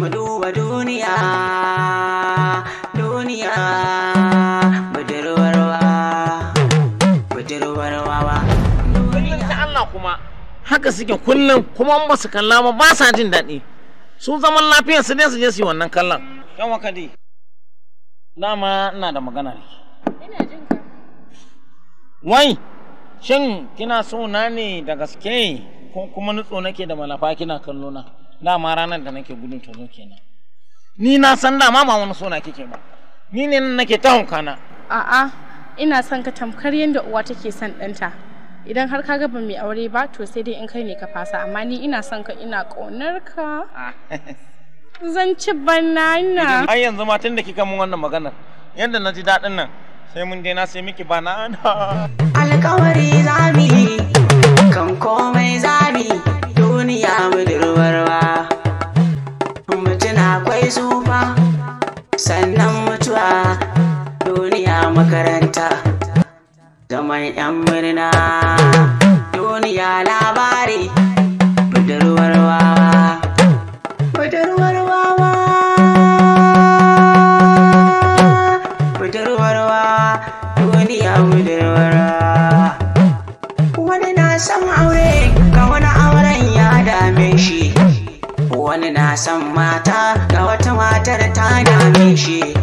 mu duba duniya duniya budurwarwa budurwarwa duniya Allah kuma haka suke kullum kuma ba su kalla ba ba sa jin daɗi su zaman lafiyar su ne su je su yi wannan kallon yan wakadi dama ina da magana ne wai shin kina so na ne da gaske ko kuma nutso nake da malafa kina kallo na dama ranar da nake gudun ta kenan ni na san dama ma wani sona kike ba ni ne nan nake ta hunkana a'a ina son ka tamkar yadda uwa take son ɗanta idan har ka gaba mai aure ba to sai dai in kai ne ka fasa amma ni ina son ka ina ƙaunar ka zan ci banana ai yanzu ma tun da kika mun wannan maganar yadda na ji daɗin nan sai mun je na sai miki banana alƙawari zamu yi kan komai zaman 'yan murna duniya labari budurwar wawa budurwar wawa budurwar wawa duniya budurwar wani na san aure ga wani auren ya dame shi wani na san mata ga wata matar ta dame shi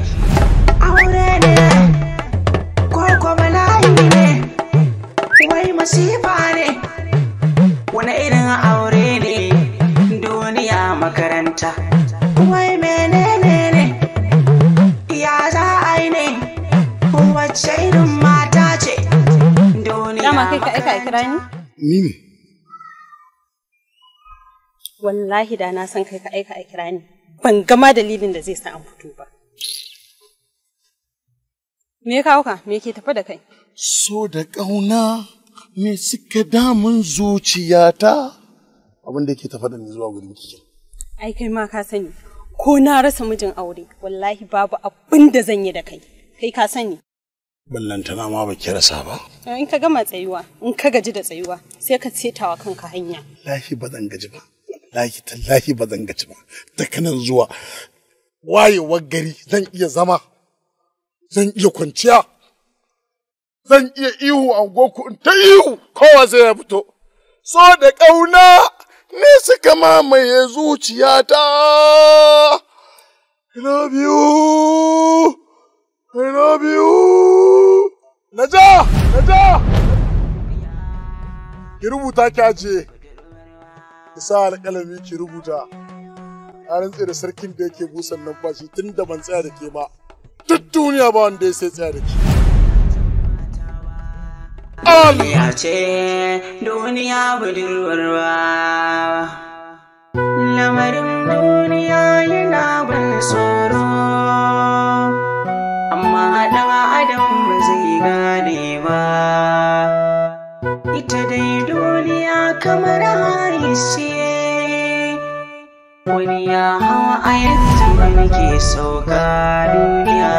wai menene ne ya za a yi ne wacce irin mata ce duniya dama kai ka aika kira ni ni ne wallahi da na san kai ka aika kira ni ban gama dalilin da zai sa an fito ba me ya kawo ka me ke tafa da kai so da ƙauna me suka damun zuciyata abin da ke tafa da ni zuwa gudun kike ai kai ma ka sani ko na rasa mijin aure wallahi babu abin da zan yi da kai kai ka sani ballantana ma ba ki rasa ba eh, in ka gama tsayuwa in ka gaji da tsayuwa sai ka tsetawa kanka hanya lahi ba zan gaji ba lahi tallahi ba zan gaji ba daga nan zuwa wayewar gari zan iya zama zan iya kwanciya zan iya ihu a goku in ta ihu kowa zai fito so da ƙauna ne suka mamaye zuciyata. I love you, I love you. Naja, Naja! Ki rubuta ki ajiye, ki sa alƙalami ki rubuta. Na rantse da sarkin da yake busan numfashi tun da ban tsaya da ke ba. Duk duniya ba wanda ya sai tsaya da ke. Duniya ce duniya budurwarwa. Lamarin duniya yana ban tsoro. Amma ɗan adam ba zai gane ba. Ita dai duniya kamar haisi Wani ya hawa a yanzu wani ke sauka duniya.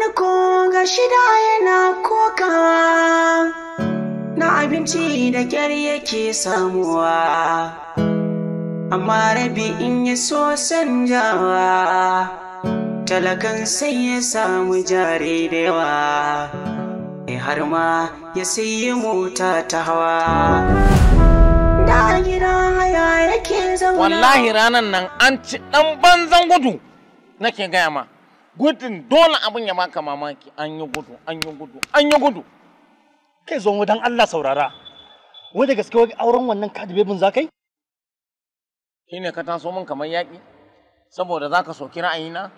wani ko ga shida yana koka na abinci da kyar yake samuwa amma rabi in yi so sanjawa talakan sai ya samu jari da yawa eh, har ma ya sayi mota ta hawa da gida haya yake zauna wallahi ranan nan an ci dan banzan gudu nake gaya ma gudun dole abin ya maka mamaki an yi gudu an yi gudu an yi gudu kai zo mu dan Allah saurara wai da gaske wai auren wannan kadibebin za zakai shine ka taso min kamar yaki saboda za ka soki ra'ayina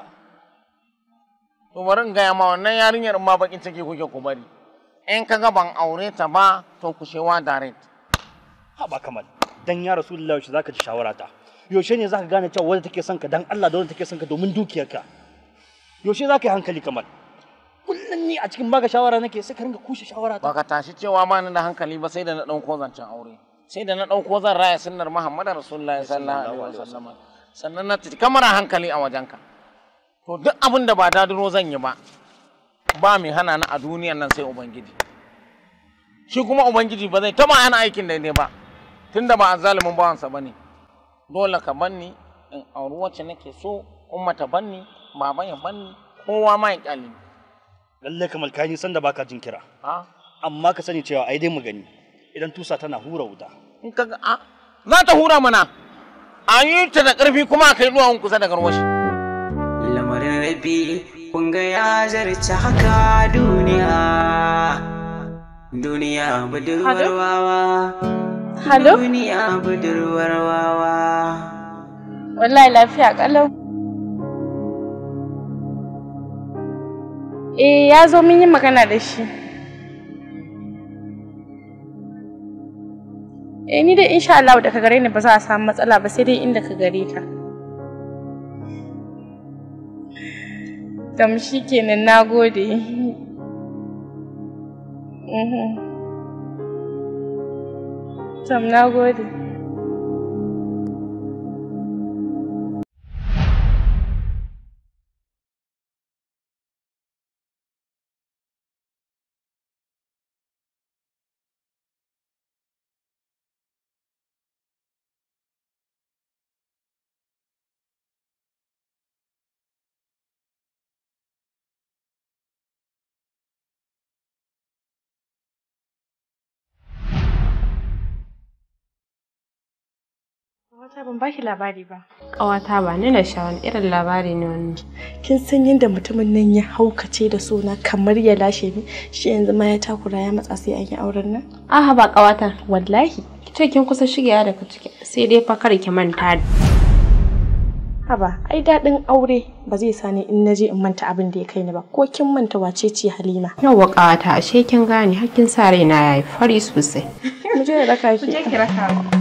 to bari in gaya ma wannan yarinyar ma bakin take kuke ku bari in ka ga ban aure ta ba to ku shewa direct ba kamal dan ya rasulullahi zaka ji shawara ta yaushe ne zaka gane cewa wanda take son ka dan Allah da wanda take son ka domin dukiyarka yaushe za ka yi hankali kamar kullum ni a cikin baka shawara nake sai ka ringa kushe shawara ta baka tashi cewa ma da hankali ba sai da na ɗauko zancen aure sai da na ɗauko zan raya sunnar muhammadu rasulullahi sallallahu alaihi wasallam sannan na tafi kamar hankali a wajenka to duk abin da ba duro zan yi ba ba mai hana na a duniyan nan sai ubangiji shi kuma ubangiji ba zai taba hana aikin daidai ba tunda ba zalimin bawansa ba ne. dole ka banni in auri wacce nake so ummata banni Baban ya bani kowa ma ya kyale lalle kamar yi san da baka jin kira amma ka sani cewa ai dai mu gani idan tusa tana hura wuta in ka ga za ta hura mana an yi ta da karfi kuma kai ruwan kusa da garwashi lamarin rabi kun ga ya zarce haka duniya duniya budurwar wawa Duniya budurwar Wallahi lafiya kalau. eh ya zo mun yi magana da shi eh ni dai insha Allah daga gare ni ba za a samu matsala ba sai dai inda ka gare ta. Dam shi kenan na gode tam mhm. na Wata ban baki labari ba. Ƙawata ba ni na sha irin labari ne wannan. Kin san yadda mutumin nan ya haukace da suna kamar ya lashe ni shi yanzu ma ya takura ya matsa sai an yi auren nan. Aha ba ƙawata wallahi ce kin kusa shigewa daga ciki sai dai fa kar ki manta da. Haba ai daɗin aure ba zai sa ni in naje in manta abin da ya kai ni ba ko kin manta wace ce Halima. Yawwa ƙawata ashe kin gane hakkin sa raina yayi fari sosai. Mu je da raka Mu je ki raka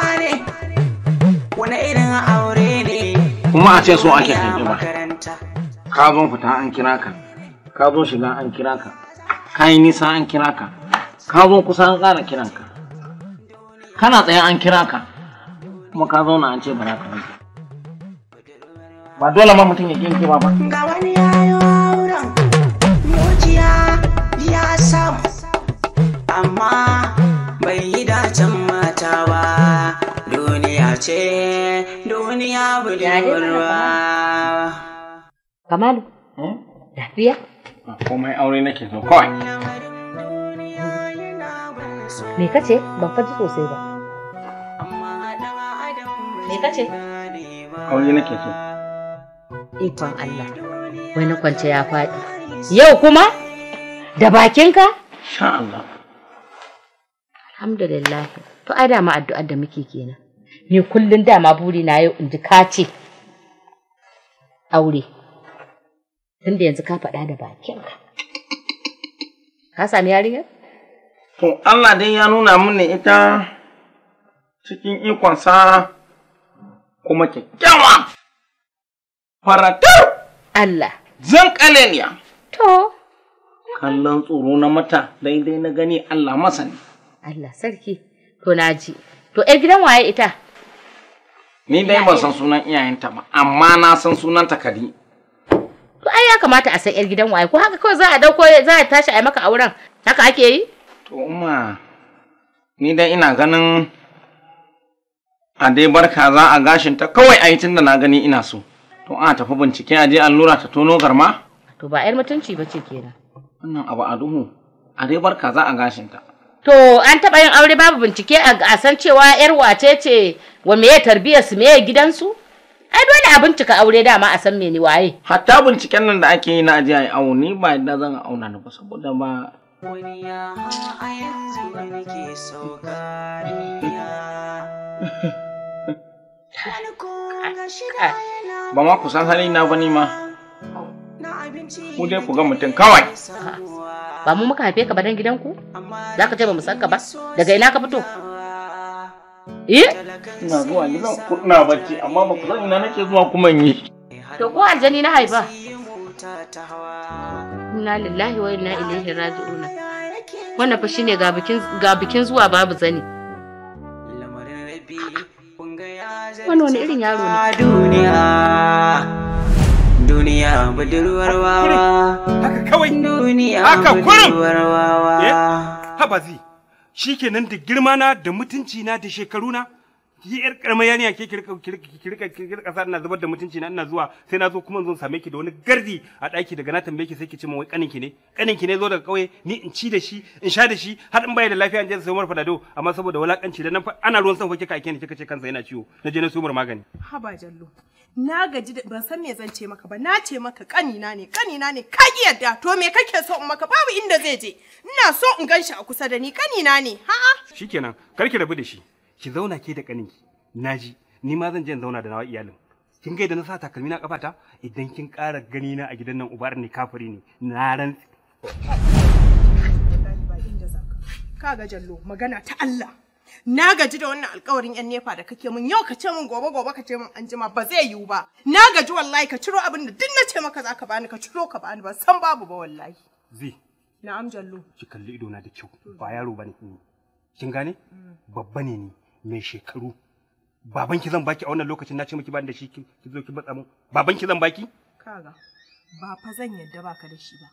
kuma a ce so ake kan ba ka zo fita an kira ka ka zo shiga an kira ka ka yi nisa an kira ka ka zo kusa an tsara kiran ka kana tsaye an kira ka kuma ka na an ce ba za ka wanke ba dole ma mutum ya kinki ba ba ga wani yayo auren mujiya ya samu amma ce duniya budurwa. Kamalu, hmm? lafiya? Ah, komai aure nake so kawai. Me ka ce ban faji sosai ba. Me ka ce? Aure nake so. Ikon Allah, wani kwance ya faɗi. Yau kuma? Da bakinka? Sha Allah. Alhamdulillah. To ai da ma addu'ar da muke kenan. ni kullum dama buri na yau in ji ka ce aure tunda yanzu ka faɗa da bakinka ka sami yarinya? to Allah dai ya nuna mini ita cikin ikonsa kuma kyakkyawa faratar Allah zan ni. to kallon tsoro na mata daidai na gani Allah masani Allah sarki to naji to 'yar gidan waye ita Ni dai ban san sunan iyayenta ba, amma na san ta Kadi. To ai ya kamata a san 'yar gidan waye, ko haka kawai za a dauko za a tashi a yi maka auren, haka ake yi? To umma, ni dai ina ganin a dai barka za a gashinta kawai a yi tun da na gani ina so. To a tafi bincike a je allura ta tono garma? To ba 'yar mutunci ba ce kenan. Wannan abu a duhu, a dai barka za a gashinta. To an taɓa yin aure babu bincike a san cewa ‘yar wace ce wa meye tarbiyyar su meye gidansu? Ai dole a bincika aure dama a san mene waye. Hatta binciken nan da ake yi na ajiya ya awo ni ba da zan auna ni ba saboda ba. ba ma ku Ba ma hali na ba ma. Ku dai ku ga mutum kawai. ba mu muka haife ka ba dan gidanku za ka ce ba mu san ka ba daga ina ka fito eh ina zuwa gidan ina bacci amma ba ku san ina nake zuwa kuma yi to ko aljani na haifa inna lillahi wa inna ilaihi raji'un wannan fa shine ga bikin ga bikin zuwa babu zani wannan wani irin yaro ne duniya duniya budurwar wawa haka kawai duniya budurwar wawa eh, haba zai shikenan da girma na da mutunci na da shekaru na ki yar karamar ne ke kirka kasa ina zubar da mutunci na ina zuwa sai na zo kuma zo same ki da wani gardi a daki daga na tambaye ki sai ki ce min wai kanin ki ne kanin ki ne zo daga kauye ni in ci da shi in sha da shi har in baya da lafiya in je sayo umar fadado amma saboda wulakanci da nan ana ruwan sanfa kika ake ni kika ce kansa yana ciwo na je na sumar magani haba jallo na gaji da ban san me zan ce maka ba na ce maka kanina ne kanina ne ka ki yadda to me kake so in maka babu inda zai je ina so in ganshi a kusa da ni kanina ne ha'a shikenan kar ki rabu da shi ki zauna ke da kaninki naji ni ma zan je zauna da nawa iyalin kin ga da na sa takalmi na kafata idan kin ƙara gani na a gidan nan ubar ni kafiri ne na ran ka ga jallo magana ta Allah na gaji da wannan alkawarin yan nefa da kake mun yau ka ce mun gobe gobe ka ce mun anjima ba zai yiwu ba na gaji wallahi ka ciro abin da duk na ce maka zaka bani ka ciro ka bani ba san babu ba wallahi zi na'am jallo ki kalli ido na da kyau ba yaro bane kin gane mm. babba ne ni mai shekaru babanki zan baki a wannan lokacin na ce miki bani da shi ki zo ki batsa mu babanki zan baki kaga ba fa zan yadda baka da shi ba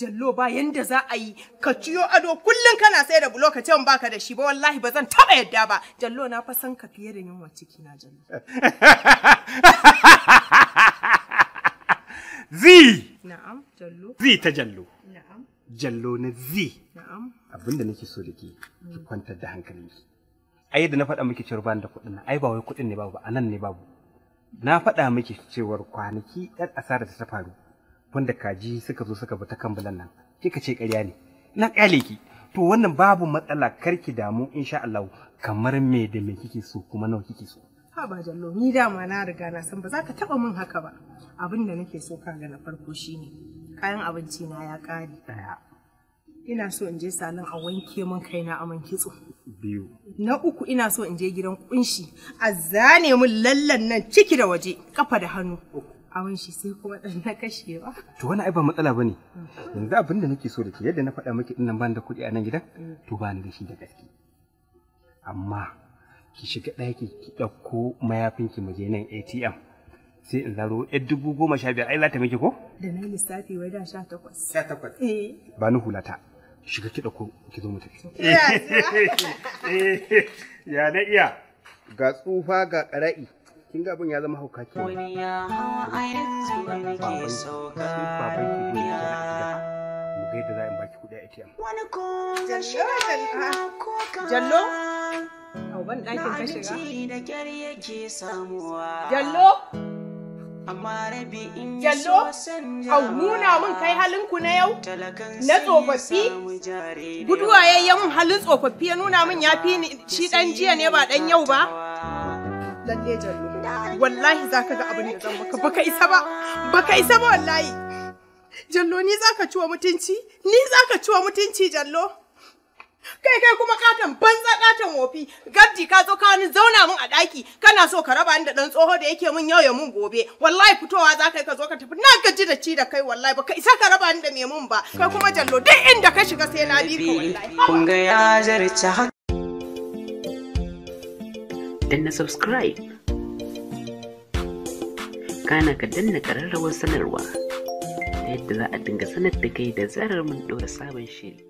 jallo ba yanda za a yi ka ciyo ado kullum kana sai da bulo baka da shi ba wallahi ba zan taba yadda ba jallo na fa san ka fiye da yunwa ciki na jallo zi na'am jallo zi ta jallo na'am jallo na zi na'am abinda nake so da ke ki kwantar da hankalinki ai da na faɗa miki cewar ban da kuɗin na ai ba wai kuɗin ne babu anan ne babu na faɗa miki cewar kwanaki ɗan asara ta faru wanda kaji suka zo suka bi ta kan bulan nan kika ce ƙarya ne na ƙyale ki to wannan babu matsala kar ki damu insha Allah kamar me da me kike so kuma nawa kike so ha ba jallo ni dama na riga na san ba za ka taɓa min haka ba abin da nake so ka na farko shine kayan abinci na ya ƙare ina so in je sanin a wanke min kaina a man kitso biyu na uku ina so in je gidan kunshi a zane min lallan nan ciki da waje kafa da hannu awon shi sai kuma dan na kashe ba to wani ai ba matsala bane mm. yanzu abin da nake so da ke yadda na faɗa miki dinnan ban da kuɗi a nan gidan mm. to ba ni da shi da gaske amma ki shiga ɗaki ki ɗauko ki mu je nan ATM sai in zaro yar dubu goma sha biyar ai za ta miki ko? Da na lissafi wai da sha takwas. Sha takwas? Eh. Ba ni hulata. shiga kiɗa ko ki zo mu tafi. Ya na iya. Ga tsufa ga ƙara'i. Kin ga abin ya zama hauka ke. Wani ya hawa a yanzu wani ke sauka duniya. Mu ga yadda za in baki kuɗi a ATM. Wani ko Jallo. Au ɗakin ka shiga. Na abinci da kyar yake samuwa. Jallo. Yallo, a in min au nuna kai halin ku na yau na tsofaffi guduwa ya yi mun halin tsofaffi ya nuna min ya fi shi dan jiya ne ba dan yau ba lalle jallo wallahi za ka ga abin da zan maka baka isa ba baka isa ba wallahi jallo ni za ka ciwa mutunci ni za ka ciwa mutunci jallo kai kai kuma katon banza katon wofi gaddi ka zo ka zauna mun a daki kana so ka raba ni da dan tsoho da yake mun yau ya mun gobe wallahi fitowa za ka ka zo ka tafi na gaji da ci da kai wallahi Ba ka isa ka raba ni da me mun ba kai kuma jallo duk inda ka shiga sai na bi ka wallahi kun ga ya zarce haka danna subscribe kana ka danna kararrawar sanarwa ta yadda za a dinga sanar da kai da zarar mun ɗora sabon shiri